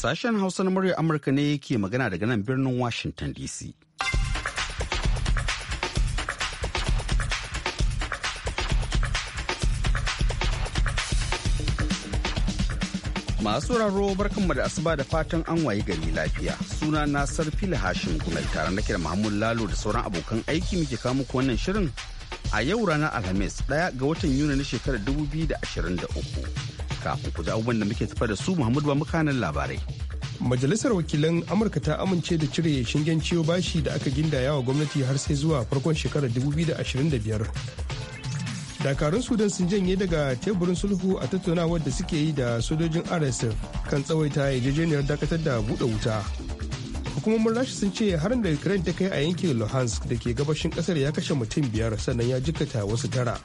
Sashen Hausa na murya Amurka ne ke magana daga nan birnin Washington DC. Masu raro barkanmu da asuba da fatan an wayi gari lafiya. Suna na Sarfila Hashim Gumel tare da Mahmud Lalo da sauran abokan aiki muke kawo muku wannan shirin a yau ranar Alhamis ɗaya ga watan Yuni na shekarar 2023. kafin ku ji abubuwan da muke tafa da su Muhammadu ba kanan labarai. Majalisar wakilan Amurka ta amince da cire shingen ciwo bashi da aka gindaya wa gwamnati har sai zuwa farkon shekarar da da ashirin biyar. Dakarun Sudan sun janye daga teburin sulhu a tattaunawar da suke yi da sojojin RSF kan tsawaita yarjejeniyar dakatar da buɗe wuta. hukumomin rasha sun ce harin da ukraine ta kai a yankin luhansk da ke gabashin kasar ya kashe mutum biyar sannan ya jikkata wasu tara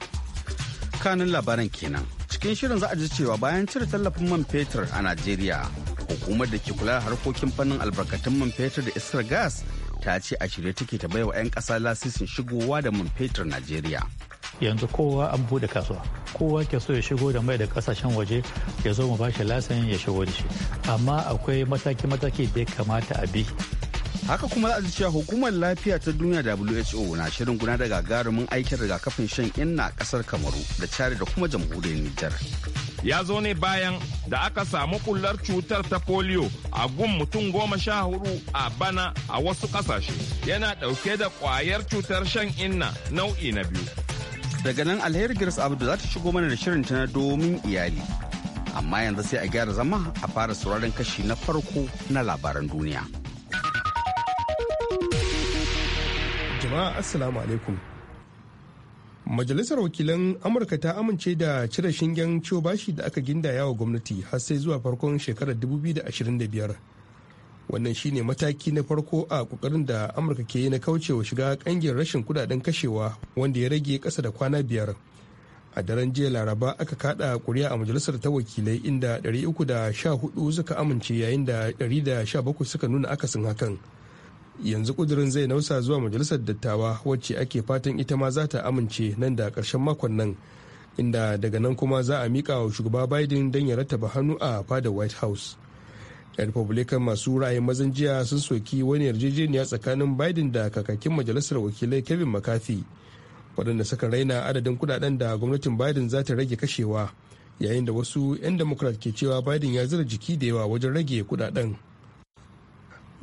kanin labaran kenan cikin shirin za a ji cewa bayan cire tallafin man fetur a Najeriya, hukumar da ke kula da harkokin fannin albarkatun man fetur da iskar gas ta ce a shirye take ta baiwa 'yan kasa lasisin shigowa da man fetur Najeriya. Yanzu kowa an bude kasuwa, kowa ke so ya shigo da mai da kasashen waje ya zo mu bashi lasin ya shigo da shi. Amma akwai mataki-mataki da ya kamata a bi haka kuma za a cewa hukumar lafiya ta duniya who na shirin guna da gagarumin aikin rigakafin shan inna a kasar kamaru da cari da kuma jamhuriyar nijar ya zo ne bayan da aka samu kullar cutar ta polio a gun mutum goma sha hudu a bana a wasu kasashe yana dauke da kwayar cutar shan inna nau'i na biyu daga nan alheri girs abdu za ta shigo mana da shirin ta na domin iyali amma yanzu sai a gyara zama a fara sauraron kashi na farko na labaran duniya. jama'a assalamu alaikum majalisar wakilan amurka ta amince da cire shingen ciwo bashi da aka gindaya wa gwamnati har sai zuwa farkon shekarar 2025 wannan shine mataki na farko a kokarin da amurka ke yi na kaucewa shiga kangin rashin kudaden kashewa wanda ya rage kasa da kwana biyar a daren jiya laraba aka kada kuri'a a majalisar ta wakilai inda 314 suka amince yayin da 117 suka nuna akasin hakan yanzu kudirin zai nausa zuwa majalisar dattawa wacce ake fatan ita ma za ta amince nan da karshen makon nan inda daga nan kuma za a mika wa shugaba biden don ya rattaba hannu a fadar white house yan republican masu ra'ayin mazan jiya sun soki wani yarjejeniya tsakanin biden da kakakin majalisar wakilai kevin mccarthy waɗanda suka raina adadin kudaden da gwamnatin biden za ta rage kashewa yayin da wasu 'yan democrat ke cewa biden ya zira jiki da yawa wajen rage kudaden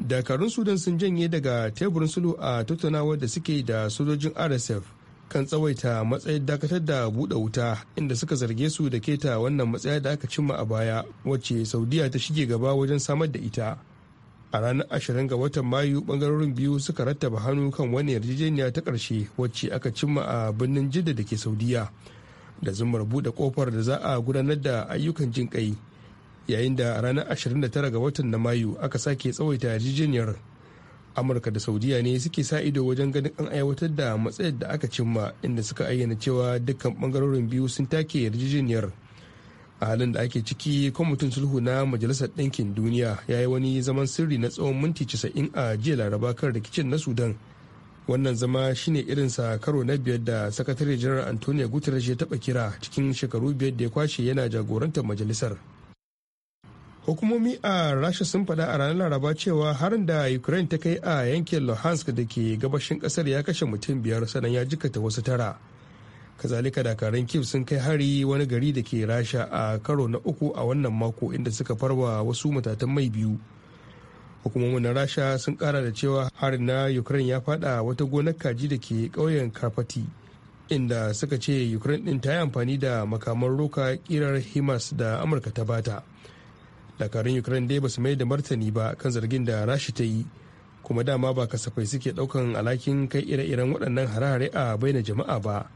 dakarun sudan sun janye daga teburin sulhu a tattaunawar da suke da sojojin rsf kan tsawaita matsayin dakatar da buɗe wuta inda suka zarge su da keta wannan matsaya da aka cimma a baya wacce saudiya ta shige gaba wajen samar da ita a ranar ashirin ga watan mayu bangarorin biyu suka rattaba hannu kan wani yarjejeniya ta karshe wacce aka cimma a birnin jidda da ke saudiya da zumar buɗe kofar da za a gudanar da ayyukan jin yayin da a ranar 29 ga watan na mayu aka sake tsawaita yarjejeniyar amurka da saudiya ne suke sa ido wajen ganin an aiwatar da matsayar da aka cimma inda suka ayyana cewa dukkan bangarorin biyu sun take yarjejeniyar a halin da ake ciki kwamitin sulhu na majalisar ɗinkin duniya ya yi wani zaman sirri na tsawon minti 90 a jiya laraba kan rikicin na sudan wannan zama shine irinsa karo na biyar da sakatare janar antonio guterres ya taɓa kira cikin shekaru biyar da ya kwashe yana jagorantar majalisar hukumomi a rasha sun fada a ranar laraba cewa harin da ukraine ta kai a yankin luhansk da ke gabashin kasar ya kashe mutum biyar sannan ya jikata wasu tara kazalika dakarun kiv sun kai hari wani gari da ke rasha a karo na uku a wannan mako inda suka farwa wasu matatan mai biyu hukumomin na rasha sun kara da cewa harin na ukraine ya fada wata gonar kaji da ke ƙauyen karfati inda suka ce ukraine din ta yi amfani da makaman roka kirar himas da amurka ta bata dakarun ukraine dai basu mai da martani ba kan zargin da rashi ta yi kuma dama ba kasafai suke daukan alhakin kai ire-iren waɗannan hare-hare a baina jama'a ba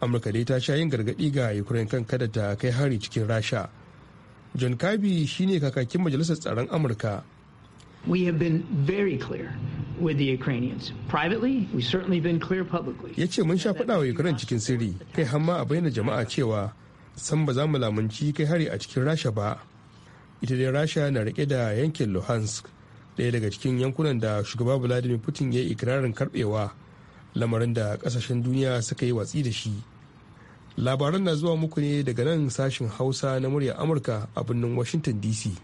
amurka dai ta sha yin gargaɗi ga ukraine kan kada ta kai hari cikin rasha john kirby shine kakakin majalisar tsaron amurka We have been very clear with the Ukrainians. Privately, we've certainly been clear publicly. Ya ce mun sha faɗa wa Ukraine cikin sirri, kai hamma a bayyana jama'a cewa san ba za mu lamunci kai hari a cikin Rasha ba. ita dai rasha na rike da yankin luhansk ɗaya daga cikin yankunan da shugaba vladimir putin ya yi ikirarin karbewa lamarin da kasashen duniya suka yi watsi da shi labaran na zuwa muku ne daga nan sashin hausa na murya amurka a birnin washington dc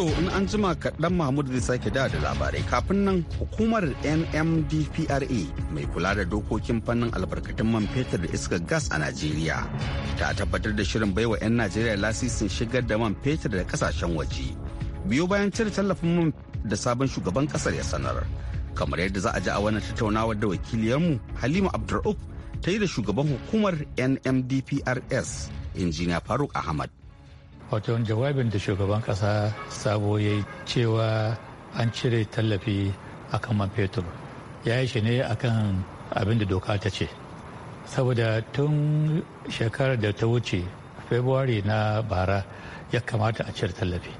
to in an jima kaɗan mahmud zai sake da da labarai kafin nan hukumar nmdpra mai kula da dokokin fannin albarkatun man fetur da iskar gas a najeriya ta tabbatar da shirin baiwa 'yan najeriya lasisin shigar da man fetur da kasashen waje biyo bayan cire tallafin man da sabon shugaban kasar ya sanar kamar yadda za a ji a wannan tattaunawar da wakiliyarmu halima abdur'uf ta yi da shugaban hukumar nmdprs injiniya faruk ahmad wato jawabin da shugaban kasa sabo ya yi cewa an cire tallafi a kan man fetur ya yi shi ne kan abin da doka ta ce saboda tun shekarar da ta wuce february na bara ya kamata a cire tallafi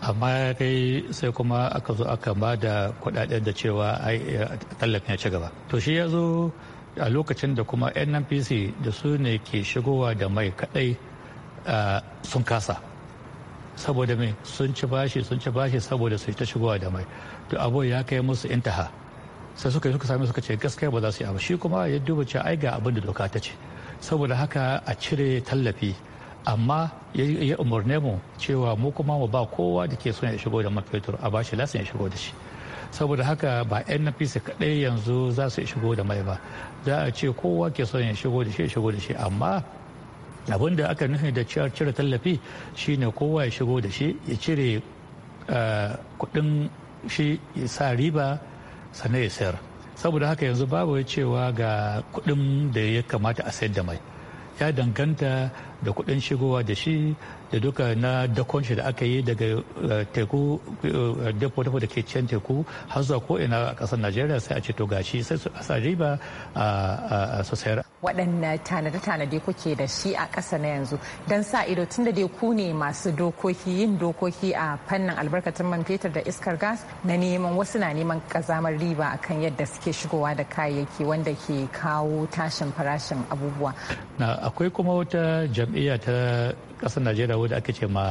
amma kai sai kuma aka zo aka ba da kudaden da cewa eh, tallafin ya ci gaba to shi ya zo a lokacin da kuma nnpc da su ne ke shigowa da mai kadai ah, sun kasa saboda mai sun ci bashi sun ci bashi saboda su ta shigowa da mai to abu ya kai musu intaha sai suka suka sami suka ce gaskiya ba za su yi abu shi kuma ya duba ce ai ga abin da doka ta ce saboda haka a cire tallafi amma ya umarne mu cewa mu kuma mu ba kowa da ke son ya shigo da man fetur a bashi lasin ya shigo da shi saboda haka ba nnpc kaɗai yanzu za su shigo da mai ba za a ce kowa ke son ya shigo da shi ya shigo da shi amma abin da aka nufi da cire tallafi shine kowa ya shigo da shi ya cire eh, kudin shi ya sa riba sannan ya sayar saboda haka yanzu babu cewa ga kudin da ya kamata a sayar da mai ya danganta da kudin shigowa da shi da duka na dakon shi da aka yi daga eh, teku eh, depo da ke can teku har zuwa ko ina a kasar najeriya sai a ce to gashi sai a sa riba a sayar waɗanne tanade-tanade kuke da shi a ƙasa na yanzu don sa ido tunda dai ku ne masu dokoki yin dokoki a fannin albarkatun man fetur da iskar gas na neman wasu na neman ƙazamar riba akan yadda suke shigowa da kayayyaki wanda ke kawo tashin farashin abubuwa. akwai kuma wata jam'iyya ta kasar najeriya wadda ake ce ma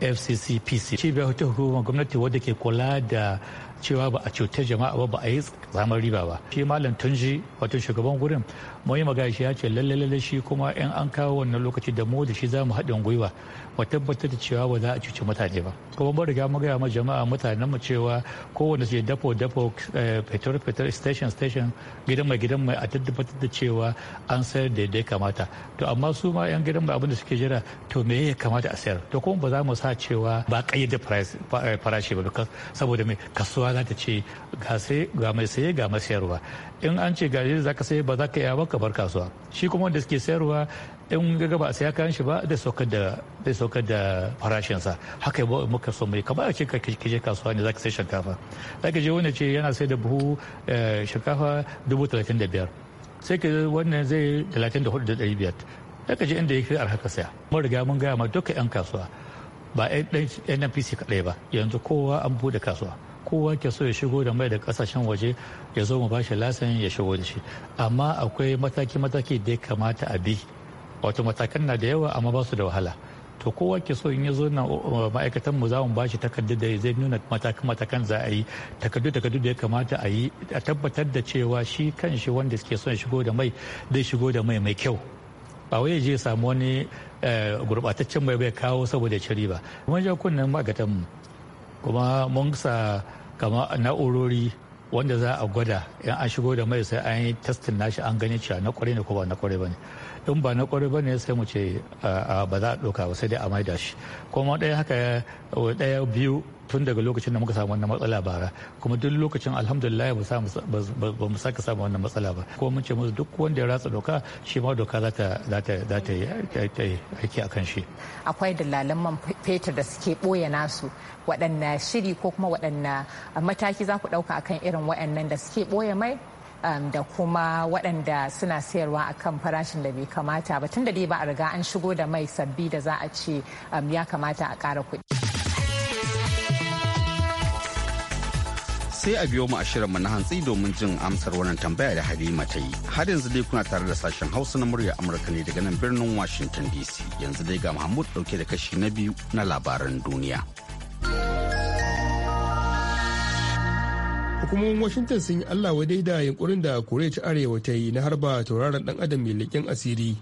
fccpc cibiyar ta hukumar gwamnati wadda ke kula da cewa ba a cutar jama'a ba ba a yi tsamar riba ba shi malam tunji wato shugaban gurin mu yi shi ya ce lalle lalle shi kuma in an kawo wannan lokaci da mu da shi za mu haɗin gwiwa mu tabbatar da cewa ba za a cuci mutane ba kuma mun riga mun gaya ma jama'a mutanen mu cewa kowanne su dafo dafo eh, petrol petrol station station gidan mai gidan mai a tabbatar da cewa an sayar da ya kamata to amma su ma yan gidan mai abin da suke jira to me ya kamata a sayar to kuma ba za mu sa cewa ba kayyade eh, farashi ba saboda mai kasuwa za ta ce ga mai saye ga mai sayarwa in an ce ga za ka saye ba za ka iya ba ka bar kasuwa shi kuma wanda suke sayarwa in gaga ba a saya kayan shi ba da saukar da da saukar da sa haka muka so mai kamar a ce ka kije kasuwa ne za ka sai shinkafa ka je wanda ce yana sai da buhu eh, shinkafa dubu talatin da biyar sai ka wannan zai talatin da hudu da dari biyar ka je inda ya kai arhaka saya mun riga mun gaya ma duka 'yan kasuwa ba ɗan npc kaɗai ba yanzu kowa an buɗe kasuwa kowa ke so ya shigo da mai da kasashen waje ya zo mu ba shi lasin ya shigo da shi amma akwai mataki-mataki da ya kamata a bi wato matakan na da yawa amma ba su da wahala to kowa ke so in ya zo na ma'aikatan mu za mu ba shi takardu da zai nuna matakan matakan za a yi takardu takardu da ya kamata a yi a tabbatar da cewa shi kan shi wanda ke son shigo da mai zai shigo da mai mai kyau ba wai je samu wani eh, gurbataccen mai bai kawo saboda ci ba mun ja kunnen magatan mu kuma mun sa kama na'urori wanda za a gwada in an shigo da mai sai an yi testin nashi an gani cewa na kwarai ne ko ba na kwarai bane in ba na kwarai bane sai mu ce ba za a ɗauka ba sai dai a maida shi kuma ɗaya haka ɗaya biyu tun daga lokacin da muka samu wannan matsala bara kuma duk lokacin alhamdulillah ba mu sake samu wannan matsala ba ko mun ce musu duk wanda ya ratsa doka shi ma doka za ta yi aiki a kan shi akwai dalalan man fetur da suke boye nasu waɗanne shiri ko kuma waɗanne uh, mataki za ku ɗauka akan irin waɗannan da suke boye mai um, da kuma waɗanda suna sayarwa a kan farashin da bai kamata ba tun da dai ba a riga an shigo da mai sabbi da za a ce um, ya kamata a ƙara kuɗi. sai a biyo mu a shirinmu na hantsi domin jin amsar wannan tambaya da Halima ta yi. Har yanzu dai kuna tare da sashen Hausa na murya Amurka ne daga nan birnin Washington DC. Yanzu dai ga Mahmud dauke da kashi na biyu na labaran duniya. Hukumomin Washington sun yi Allah wadai da yunkurin da Koriya ta Arewa ta yi na harba tauraron dan adam mai leƙen asiri.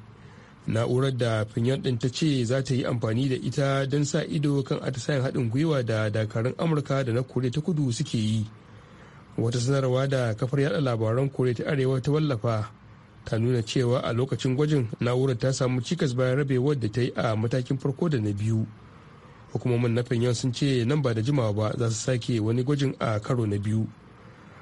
Na'urar da Pinyon ɗin ta ce za ta yi amfani da ita don sa ido kan atisayen haɗin gwiwa da dakarun Amurka da na Koriya ta Kudu suke yi. wata sanarwa da kafar yada labaran koriya ta arewa ta wallafa ta nuna cewa a lokacin gwajin na'urar ta samu cikas bayan rabewar da ta yi a matakin farko da na biyu hukumomin na pyongyang sun ce nan ba da jimawa ba za su sake wani gwajin a karo na biyu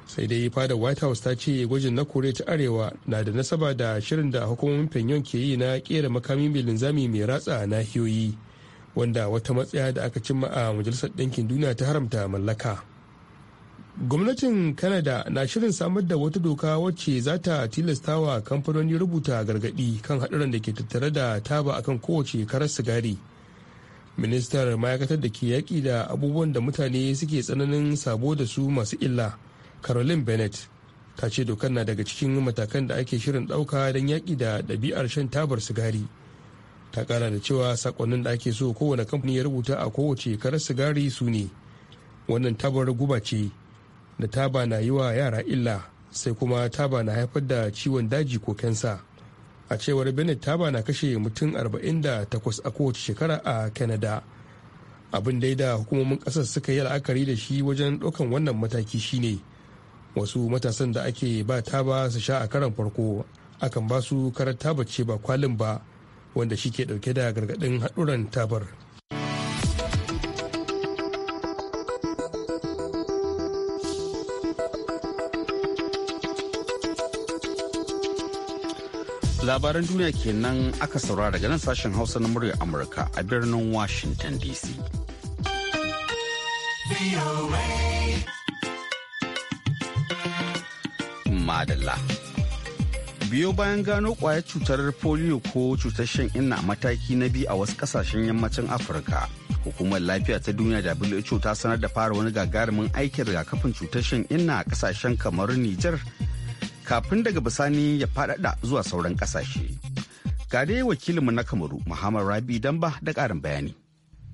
sai dai fada white house ta ce gwajin na koriya ta arewa na da nasaba da shirin da hukumomin pyongyang ke yi na kera makami mai linzami mai ratsa nahiyoyi wanda wata matsaya da aka cimma a majalisar ɗinkin duniya ta haramta mallaka gwamnatin canada na shirin samar da wata doka wacce za ta tilasta wa kamfanoni rubuta gargadi kan haɗuran da ke tattare da taba akan kowace karar sigari ministar ma'aikatar da ke yaƙi da abubuwan da mutane suke tsananin sabo da su masu illa caroline bennett ta ce dokar na daga cikin matakan da ake shirin ɗauka don yaƙi da ɗabi'ar shan tabar sigari ta ƙara da cewa saƙonnin da ake so kowane kamfani ya rubuta a kowace karar sigari su ne wannan tabar guba ce da taba na yi wa yara illa sai kuma taba na haifar da ciwon daji ko kensa a cewar bennett taba na kashe mutum 48 a kowace shekara a canada abin dai da hukumomin kasar suka yi la'akari da shi wajen ɗaukan wannan mataki shine wasu matasan da ake ba taba su sha a karan farko akan ba su karar taba ce ba kwalin ba wanda shi ke ɗauke da gargaɗin haɗuran tabar labaran duniya kenan aka saura daga nan sashen hausa na murya amurka a birnin washington dc madalla biyo bayan gano kwayar cutar polio ko cutar shan inna mataki na biyu a wasu kasashen yammacin afirka hukumar lafiya ta duniya da who ta sanar da fara wani gagarumin aikin rigakafin cutar shan inna a kasashen kamar nijar kafin daga bisani ya faɗaɗa zuwa sauran ƙasashe. Ga dai wakilinmu na Kamaru Muhammad Rabi Damba da ƙarin bayani.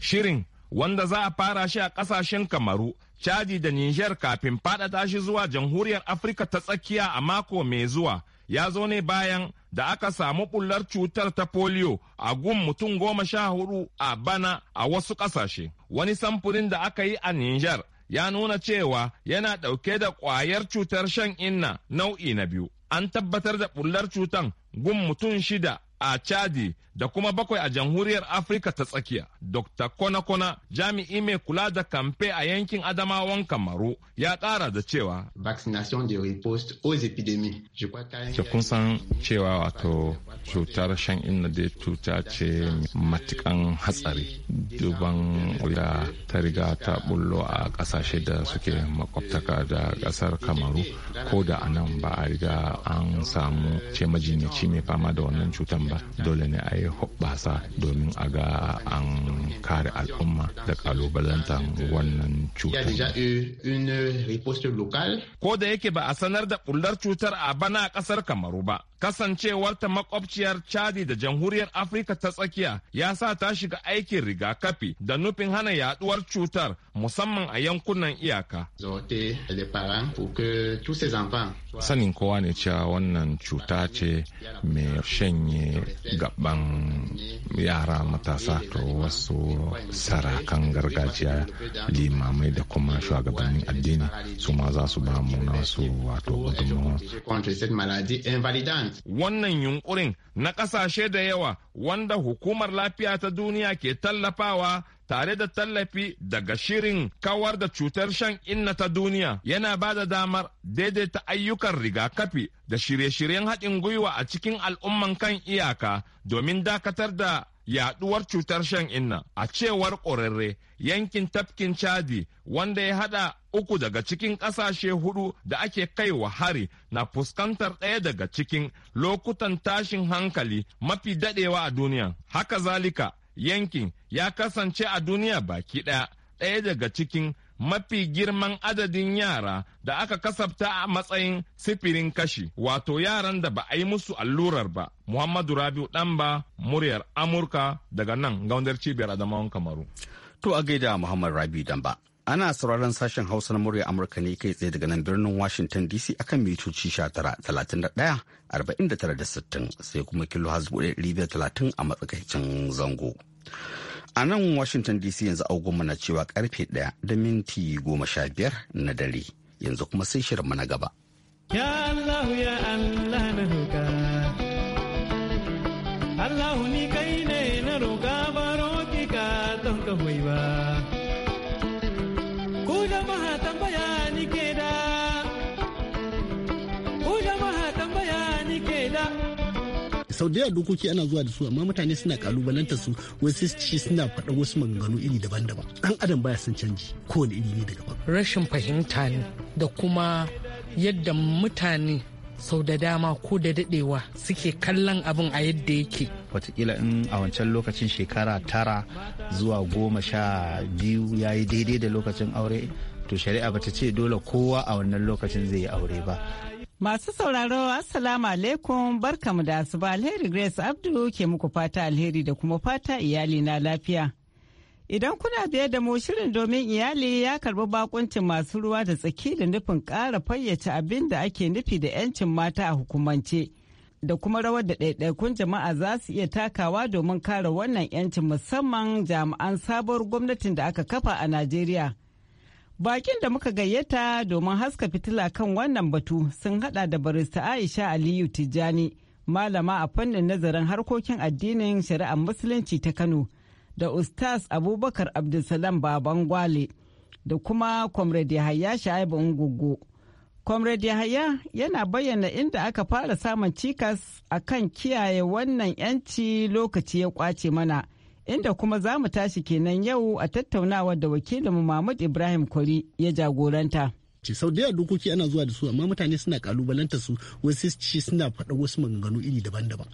Shirin wanda za a fara shi a ƙasashen Kamaru, Chadi da Nijar kafin faɗaɗa shi zuwa Jamhuriyar Afirka ta tsakiya a mako mai zuwa. ya zo ne bayan da aka samu ɓullar cutar ta polio a gun mutum goma sha hudu a bana a wasu ƙasashe. Wani samfurin da aka yi a Nijar ya nuna cewa yana ɗauke da ƙwayar cutar shan inna nau'i na biyu. An tabbatar da ɓullar cutan gun mutum shida a Chadi da kuma bakwai a jamhuriyar Afirka ta tsakiya. Dr. Kona-Kona jami'i mai kula da kamfe a yankin Adamawan Kamaru ya ƙara da cewa. Vaccination de riposte aux épidémies. kun san cewa wato cutar shan inna da cuta ce matukan hatsari duban da ta riga ta bullo a ƙasashe da suke makwabtaka da ƙasar Kamaru ko da anan ba a riga an samu ce majinyaci mai fama da wannan cutar ba. ba dole ne a yi hoɓɓasa domin a ga an kare al'umma da kalubalantar wannan cutar. Ko da yake ba a sanar da bullar cutar a bana a ƙasar Kamaru ba, kasancewar ta makwabciyar chadi da jamhuriyar afirka ta tsakiya ya sa ta shiga aikin rigakafi da nufin hana yaduwar cutar musamman a yankunan iyaka sanin kowa ne cewa wannan cuta ce mai shanye gaban yara matasa to wasu sarakan gargajiya limamai da kuma shugabannin addini su ma za su ba mu wasu wato gudunmawa Wannan yunkurin na ƙasashe da yawa wanda hukumar lafiya ta duniya ke tallafawa tare da tallafi daga shirin kawar da cutar shan inna ta duniya yana ba da damar daidaita ayyukan rigakafi da shirye-shiryen haɗin gwiwa a cikin al'umman kan iyaka domin dakatar da yaɗuwar cutar shan inna a cewar ƙwararre yankin tafkin chadi wanda ya haɗa. uku daga cikin ƙasashe hudu da ake kai wa hari na fuskantar ɗaya daga cikin lokutan tashin hankali mafi daɗewa a duniya. Haka zalika yankin ya kasance a duniya baki ɗaya ɗaya daga cikin mafi girman adadin yara da aka kasafta a matsayin sifirin kashi wato yaran da ba a yi musu allurar ba muhammadu rabiu ɗanba muryar amurka daga nan gaunar cibiyar adamawan kamaru to a gaida muhammad rabiu ɗanba Ana sauraron sashen Hausa na murya Amurka ne kai tsaye daga nan birnin Washington DC akan mitoci 19-31-49-60 sai kuma kilo talatin a matsakaicin zango. A nan Washington DC yanzu agogon na cewa karfe 1 da minti 15 na dare yanzu kuma sai shirin na gaba. Ya Allah ya Allah na Allah ni sau da yawa dokoki ana zuwa da su amma mutane suna kalubalantar su wasu ci suna faɗa wasu maganganu iri daban-daban dan adam baya son canji kowane iri ne daga rashin fahimta ne da kuma yadda mutane sau da dama ko da dadewa suke kallon abin a yadda yake watakila in a wancan lokacin shekara tara zuwa goma sha biyu ya yi daidai da lokacin aure to shari'a bata ce dole kowa a wannan lokacin zai yi aure ba Masu sauraro Assalamu alaikum barkamu da asuba alheri Grace Abdu ke muku fata alheri da kuma fata iyali na lafiya. Idan kuna biye da mu shirin domin iyali ya karbi bakuncin masu ruwa da tsaki da nufin ƙara fayyace abin da ake nufi da 'yancin mata a hukumance da kuma rawar da ɗaiɗaikun jama'a za su iya takawa domin kare wannan 'yancin musamman jami'an sabuwar gwamnatin da aka kafa a Najeriya. Bakin da muka gayyata domin haska fitila kan wannan batu sun hada da barista Aisha Aliyu Tijjani, malama a fannin nazarin harkokin addinin shari'ar Musulunci ta Kano, da Ustaz Abubakar Abdulsalam Baban Gwale, da kuma Comrade Yahaya Shaibu Ngugu. Comrade Yahaya yana bayyana inda aka fara samun cikas a kan kiyaye wannan 'yanci lokaci ya kwace mana. inda kuma za mu tashi kenan yau a tattaunawa da wakilinmu Mahmud Ibrahim Kwari ya jagoranta. sau da yawa dokoki ana zuwa da su amma mutane suna kalubalanta su wasu ci suna faɗa wasu maganganu iri daban-daban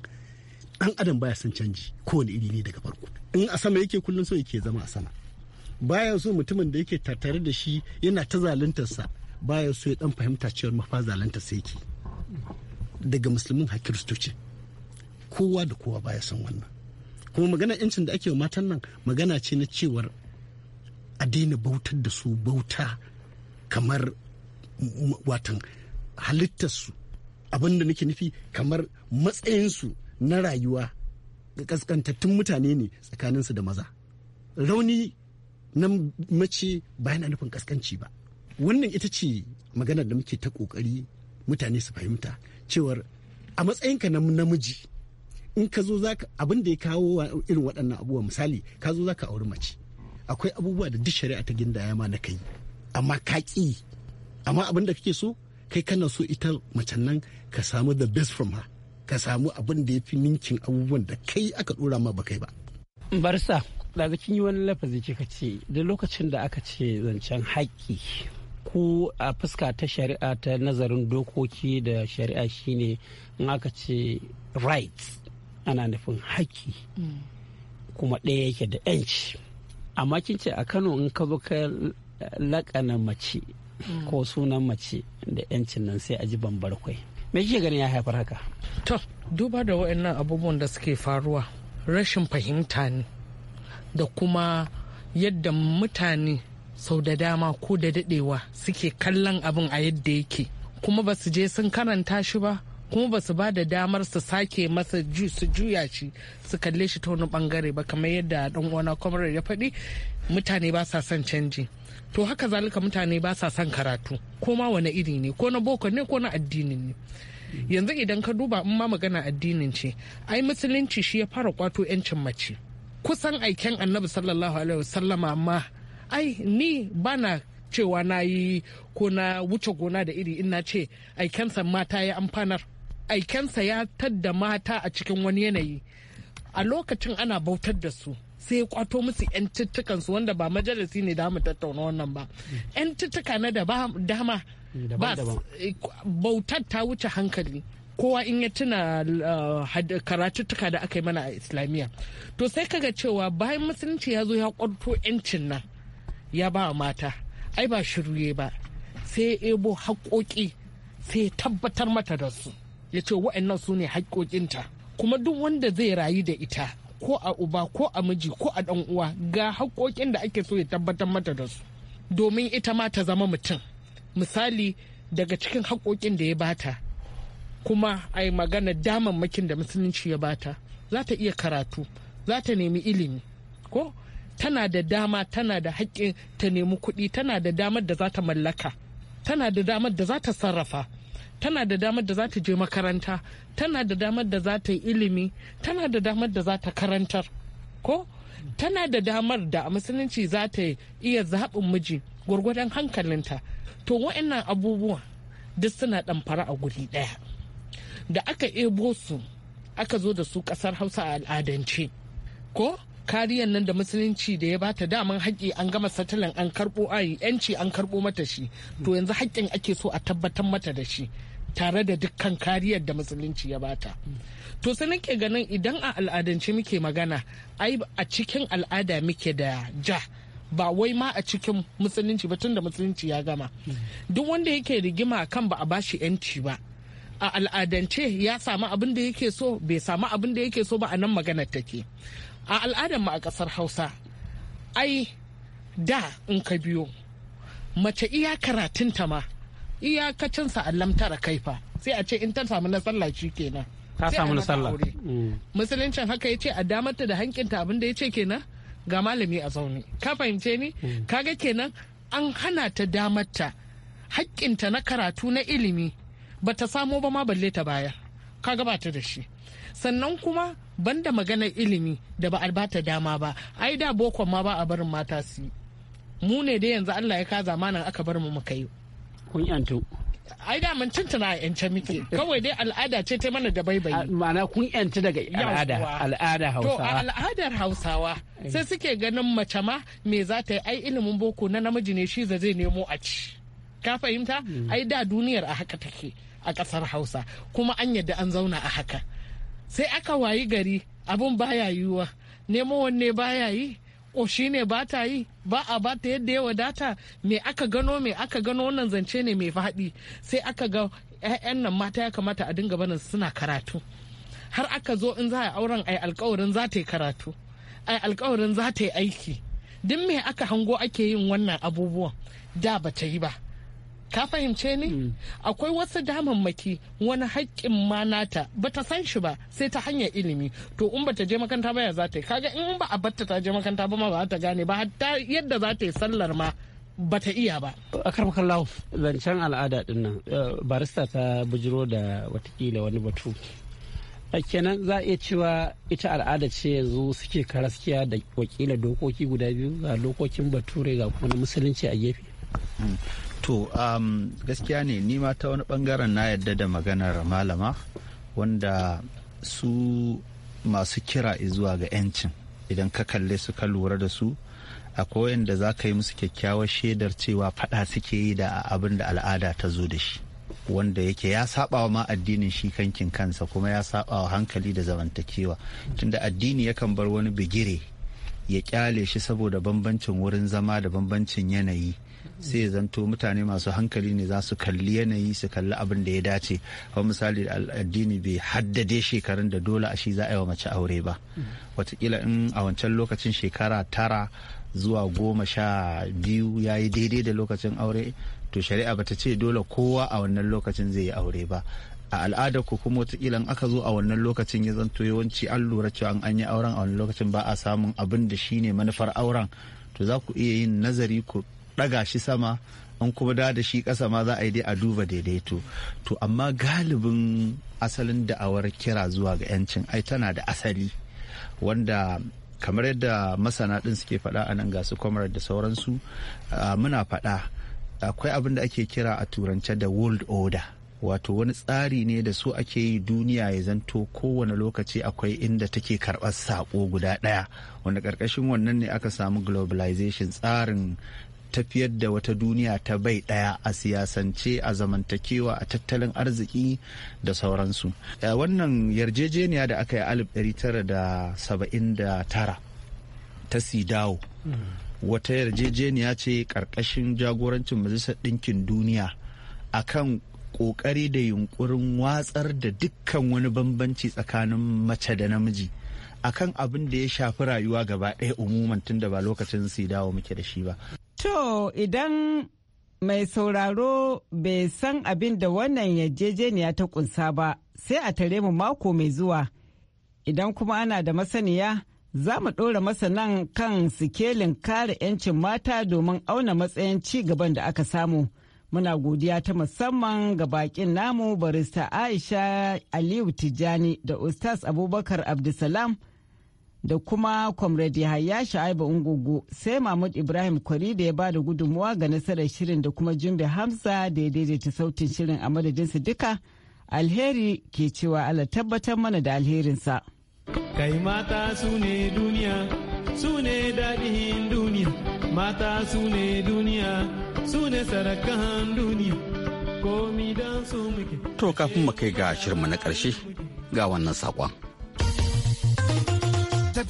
ɗan adam baya son canji kowane iri ne daga farko in a sama yake kullum so yake zama a sama baya so mutumin da yake tattare da shi yana ta zaluntarsa baya so ya dan fahimta cewar mafa zaluntar sa yake daga musulmin har kiristoci kowa da kowa baya son wannan kuma magana yancin da ake wa matan nan magana ce na cewar a daina bautar da su bauta kamar watan halittarsu abin da nake nufi kamar matsayinsu na rayuwa kaskantattun mutane ne tsakaninsu da maza rauni na mace ba yana nufin kaskanci ba wannan ita ce maganar da muke ta kokari mutane su fahimta cewar a matsayinka na namiji in ka zo za abin da ya kawo wa irin waɗannan abubuwa misali ka zo za ka auri mace akwai abubuwa da duk shari'a ta gindaya ma na kai amma ka ƙi amma abin da kake so kai kana so ita macen nan ka samu the best from her ka samu abin da ya fi ninkin abubuwan da kai aka ɗora ma ba kai ba. barsa daga kin yi wani lafazi kika ce da lokacin da aka ce zancen haƙƙi ko a fuska ta shari'a ta nazarin dokoki da shari'a shine in aka ce rights ana nufin haƙƙi mm. kuma ɗaya yake da 'yanci amma kin ce a kano in ka zo ka laƙana mace mm. ko sunan mace da 'yancin nan sai a ji bambar kwai me kike ganin ya haifar haka to duba da waɗannan abubuwan da suke faruwa rashin fahimta ne da kuma yadda mutane sau da dama ko da daɗewa suke kallon abin a yadda yake kuma ba su je sun karanta shi ba kuma ba su ba da damar su sake masa su juya shi su kalle shi ta wani bangare ba kamar yadda dan uwana kwamarar ya faɗi mutane ba sa son canji to haka zalika mutane ba sa son karatu ko ma wani iri ne ko na boko ne ko na addini ne yanzu idan ka duba in ma magana addinin ce ai musulunci shi ya fara kwato yancin mace kusan aiken annabi sallallahu alaihi wasallama ma ai ni bana cewa na yi ko na wuce gona da iri in na ce aikensa mata ya amfanar aikensa ya tadda mata a cikin wani yanayi a lokacin ana bautar da su sai ya kwato musu 'yan tuttukansu wanda ba majalisi ne da mu tattauna wannan ba 'yan tuttuka na da dama bautar ta wuce hankali kowa in ya tuna uh, karatuttuka da aka yi mana a islamiyya to sai kaga cewa bayan musulunci ya zo ya kwarto 'yancin nan ya ba mata ai ba shiruye ba sai ya ebo haƙoƙi sai ya tabbatar mata da su ya ce wa'annan su ne haƙƙoƙinta kuma duk wanda zai rayu da ita ko a uba ko a miji ko a ɗan uwa ga haƙƙoƙin da ake so ya tabbatar mata da su domin ita ma ta zama mutum misali daga cikin haƙƙoƙin da ya bata kuma a yi magana damammakin da musulunci ya bata za ta iya karatu za ta nemi ilimi ko tana da dama tana da haƙƙin ta nemi kuɗi tana da damar da za ta mallaka tana da damar da za ta sarrafa tana da damar da za ta je makaranta tana da damar da za ta yi ilimi tana da damar da za ta karantar ko tana da damar da a musulunci za ta iya zaɓin miji gwargwadon hankalinta to wa'annan abubuwa duk suna ɗamfara a guri ɗaya da aka ebo su aka zo da su ƙasar hausa a al'adance ko kariyan nan da musulunci da ya bata daman haƙƙi an gama satalin an karɓo ayi yanci an karɓo mata shi to yanzu haƙƙin ake so a tabbatar mata da shi tare da dukkan kariyar da musulunci ya bata to sai nake ganin idan a al'adance muke magana ai a cikin al'ada muke da ja ba wai ma a cikin musulunci ba tun da musulunci ya gama duk wanda yake rigima kan ba a bashi yanci ba a al'adance ya samu abin da yake so bai samu abin da yake so ba a nan maganar take a al'adar mu a kasar hausa ai da in ka biyo mace iya karatunta ma iyakacin sa allam kai kaifa sai a ce in ta samu na shi kenan ta samu na mm. musuluncin haka ya ce a damarta da hankinta abin da ya ce kenan ga malami a zaune ka fahimce ni mm. kaga kenan an hana ta damarta hakkinta na karatu na ilimi ba ta samo ba ma balle ta baya ka gabata da shi sannan kuma banda maganar ilimi da ba a bata dama ba ai da bokon ma ba a barin mata su mu ne da yanzu Allah ya kaza manan aka bar mu muka yi kun yantu ai da mun tuntuna yance muke kawai dai al'ada ce ta mana da baibayi ma'ana kun yanci daga al'ada al'ada hausawa to al'adar hausawa eh. sai suke ganin mace ma me za ta yi ai ilimin boko na namiji ne shi zai nemo a ci ka fahimta mm. ai da duniyar a haka take a kasar hausa kuma an yadda an zauna a haka sai aka wayi gari abun baya yiwuwa nemo wanne baya yi o ne ba ta yi ba a ba ta yadda ya wadata me aka gano me aka gano wannan zance ne mai faɗi sai aka ga 'ya'yan nan mata ya kamata a dinga barin suna karatu har aka zo in za a auren ai alkawarin za ta yi karatu ai alkawarin za ta yi aiki duk me aka hango ake yin wannan abubuwan da ba ta yi ba ka fahimce ni mm. akwai wasu damammaki wani haƙƙin ma nata bata san shi ba sai ta hanyar ilimi to in bata je makaranta ba ya za ta yi kaga in ba a batta ta je makaranta ba ma ba ta gane ba hatta yadda za ta yi sallar ma bata iya ba. A karfakar lawo zancen al'ada dinnan nan eh, barista ta bujiro da watakila wani batu. kenan za a iya cewa ita al'ada ce yanzu suke karaskiya da wakila dokoki guda biyu ga dokokin bature ga kuma musulunci a gefe. Mm. to um, gaskiya ne ni ma ta wani bangaren na yadda da maganar malama wanda su masu kira zuwa ga 'yancin idan ka kalle su ka lura da su akwai wanda za ka yi musu kyakkyawar shaidar cewa fada suke yi da abin da al'ada ta zo da shi wanda yake ya saba ma addinin shi kankin kansa kuma ya saba hankali da zamantakewa tunda addini yakan bar wani bigire ya kyale shi saboda bambancin wurin zama da bambancin yanayi sai zanto mutane masu hankali ne za su kalli yanayi su kalli abin da ya dace kuma misali addini bai haddade shekarun da dole a shi za a yi wa mace aure ba watakila in a wancan lokacin shekara tara zuwa goma sha biyu ya yi daidai da lokacin aure to shari'a bata ce dole kowa a wannan lokacin zai yi aure ba a al'adar ku kuma watakila aka zo a wannan lokacin ya zanto yawanci an lura cewa an yi auren a wannan lokacin ba a samun abin da shine manufar auren to za ku iya yin nazari ku ɗaga shi sama an kuma da da shi ƙasa ma za a yi dai a duba daidaito to amma galibin asalin da'awar kira zuwa ga 'yancin ai tana da asali wanda kamar yadda masana ɗin suke faɗa a nan ga su kwamar da sauransu muna faɗa akwai abin da ake kira a turance da world order wato wani tsari ne da su ake yi duniya ya zanto kowane lokaci akwai inda take karɓar saƙo guda ɗaya wanda ƙarƙashin wannan ne aka samu globalization tsarin tafiyar da wata duniya ta bai ɗaya a siyasance a zamantakewa a tattalin arziki da sauransu wannan yarjejeniya da aka yi alif 1979 ta sidawo wata yarjejeniya ce karkashin jagorancin majalisar ɗinkin duniya akan kokari da yunkurin watsar da dukkan wani bambanci tsakanin mace da namiji akan abin da ya shafi rayuwa gaba ɗaya umuman tun da ba lokacin sidawo muke da shi ba To idan mai sauraro bai san abin da wannan yarjejeniya ta kunsa ba sai a tare mu mako mai zuwa. Idan kuma ana da masaniya za mu ɗora nan kan sikelin kare 'yancin mata domin auna matsayin ci gaban da aka samu. Muna godiya ta musamman ga bakin namu barista Aisha Aliyu Tijani da Ustaz Abubakar Abdulsalam. da kuma comrade Yahaya Sha'aiba Ungugu sai Mahmud Ibrahim Kwari da ya bada gudunmuwa ga nasarar shirin da kuma Jumbe Hamza da ya daidaita sautin shirin a madadinsa duka alheri ke cewa Allah tabbatar mana da alherinsa. Kai mata su ne duniya, su ne daɗin duniya, mata su ne duniya, su ne sarakan duniya, komi don su muke. To kafin mu kai ga shirma na ƙarshe ga wannan saƙon.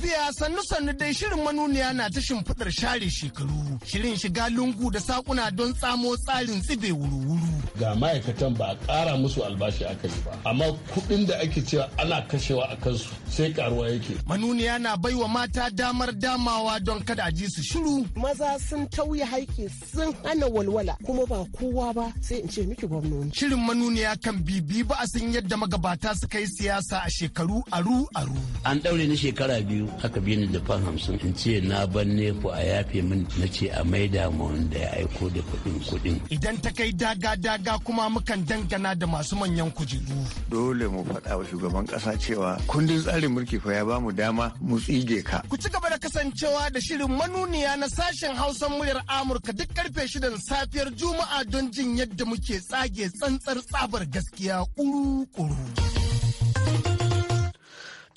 lafiya sannu sannu dai shirin manuniya na ta shimfiɗar share shekaru. Shirin shiga lungu da sakuna don tsamo tsarin tsibe wuru-wuru. Ga ma'aikatan ba a ƙara musu albashi aka yi ba. Amma kuɗin da ake cewa ana kashewa a kansu sai karuwa yake. Manuniya na baiwa mata damar damawa don kada a ji su shiru. Maza sun tauye haiki sun hana walwala kuma ba kowa ba sai in ce miki gwamnoni. Shirin manuniya kan bibi ba a san yadda magabata suka yi siyasa a shekaru aru aru. An ɗaure ni shekara biyu aka bi ni da fan hamsin in ce na ban nefu a yafe min na ce a maida ma wanda ya aiko da kuɗin kuɗin. Idan ta kai daga-daga kuma mukan dangana da masu manyan kujeru. Dole mu faɗa wa shugaban ƙasa cewa kundin tsarin mulki fa ya bamu dama mu tsige ka. Ku ci gaba da kasancewa da shirin manuniya na sashen hausan muryar Amurka duk karfe shidan safiyar Juma'a don jin yadda muke tsage tsantsar tsabar gaskiya kuru-kuru.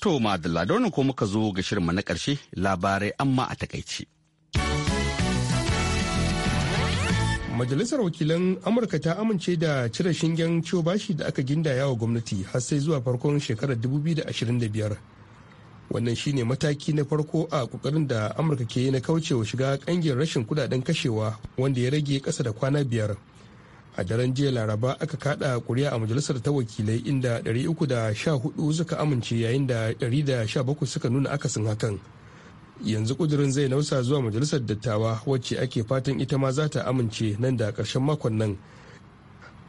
To madalla da ko muka zo ga shirinmu na ƙarshe labarai amma a takaici. Majalisar wakilan Amurka ta amince da cire shingen ciwo bashi da aka gindaya wa gwamnati har sai zuwa farkon shekarar 2025. Wannan shine mataki na farko a kokarin da Amurka ke yi na kaucewa shiga kangin rashin kudaden kashewa wanda ya rage ƙasa da kwana biyar. a daren jiya laraba aka kada kuri'a a majalisar ta wakilai inda 314 suka amince yayin da 117 suka nuna akasin hakan yanzu kudurin zai nausa zuwa majalisar dattawa wacce ake fatan ita ma za ta amince nan da karshen makon nan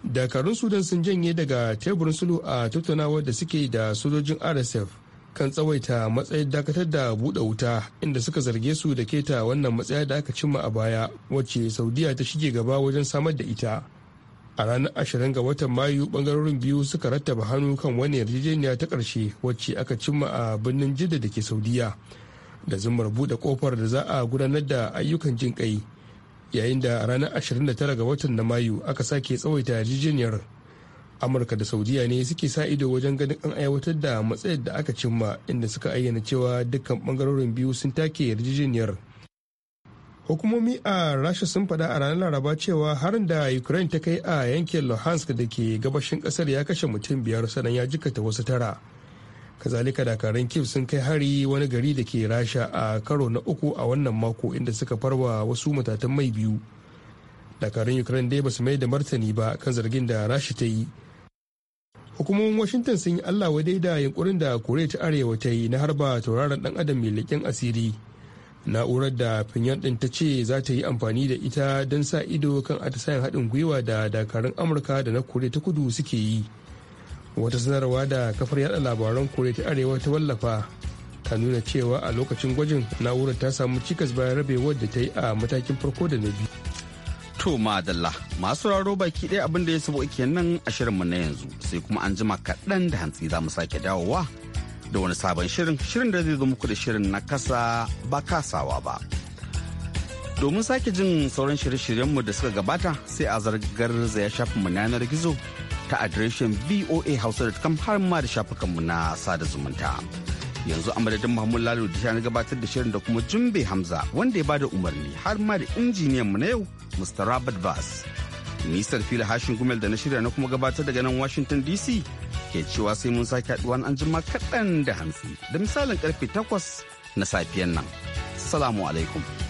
dakarun sudan sun janye daga teburin sulhu a tattaunawar da suke da sojojin rsf kan tsawaita matsayin dakatar da buɗe wuta inda suka zarge su da keta wannan matsaya da aka cimma a baya wacce saudiya ta shige gaba wajen samar da ita a ranar 20 ga watan mayu bangarorin biyu suka rattaba hannu kan wani yarjejeniya ta karshe wacce aka cimma a birnin jidda da ke saudiya da zumar buɗe kofar da za a gudanar da ayyukan jin kai yayin da a ranar 29 ga watan na mayu aka sake tsawaita yarjejeniyar amurka da saudiya ne suke sa ido wajen ganin an aiwatar da matsayar da aka cimma inda suka ayyana cewa dukkan bangarorin biyu sun take yarjejeniyar hukumomi a rasha sun fada a ranar laraba cewa harin da ukraine ta kai a yankin luhansk da ke gabashin kasar ya kashe mutum biyar sannan ya jikata wasu tara kazalika dakarun kiev sun kai hari wani gari da ke rasha a karo na uku a wannan mako inda suka farwa wasu matatan mai biyu dakarun ukraine dai basu mai da martani ba kan zargin da rasha ta yi hukumomin washington sun yi allah wadai da yunkurin da koriya ta arewa ta yi na harba tauraron dan adam mai leƙen asiri na'urar da pinyon ɗin ta ce za ta yi amfani da ita don sa ido kan atisayen haɗin gwiwa da dakarun amurka da na kore ta kudu suke yi wata sanarwa da kafar yada labaran kore ta arewa ta wallafa ta nuna cewa a lokacin gwajin na'urar ta samu cikas bayan rabewar da ta yi a matakin farko da na biyu to madalla masu raro baki ɗaya abin da ya sabo kenan a shirinmu na yanzu sai kuma an jima kaɗan da hantsi za mu sake dawowa da wani sabon shirin shirin da zai zo muku da shirin na kasa ba kasawa ba. Domin sake jin sauran shirye-shiryenmu da suka gabata sai a zargar zaya shafinmu na yanar gizo ta adireshin hausa.com har ma da shafukanmu na sada zumunta. Yanzu a madadin Muhammad Lalo da na gabatar da shirin da kuma Jumbe Hamza wanda ya bada umarni har ma da injiniyan mu na yau Mr. Robert Bass. Nisar fila hashin gumel da na shirya na kuma gabatar daga nan Washington DC ke cewa sai mun sake haɗuwa an jima kaɗan da hamsin da misalin karfe takwas na safiyan nan. Salamu alaikum.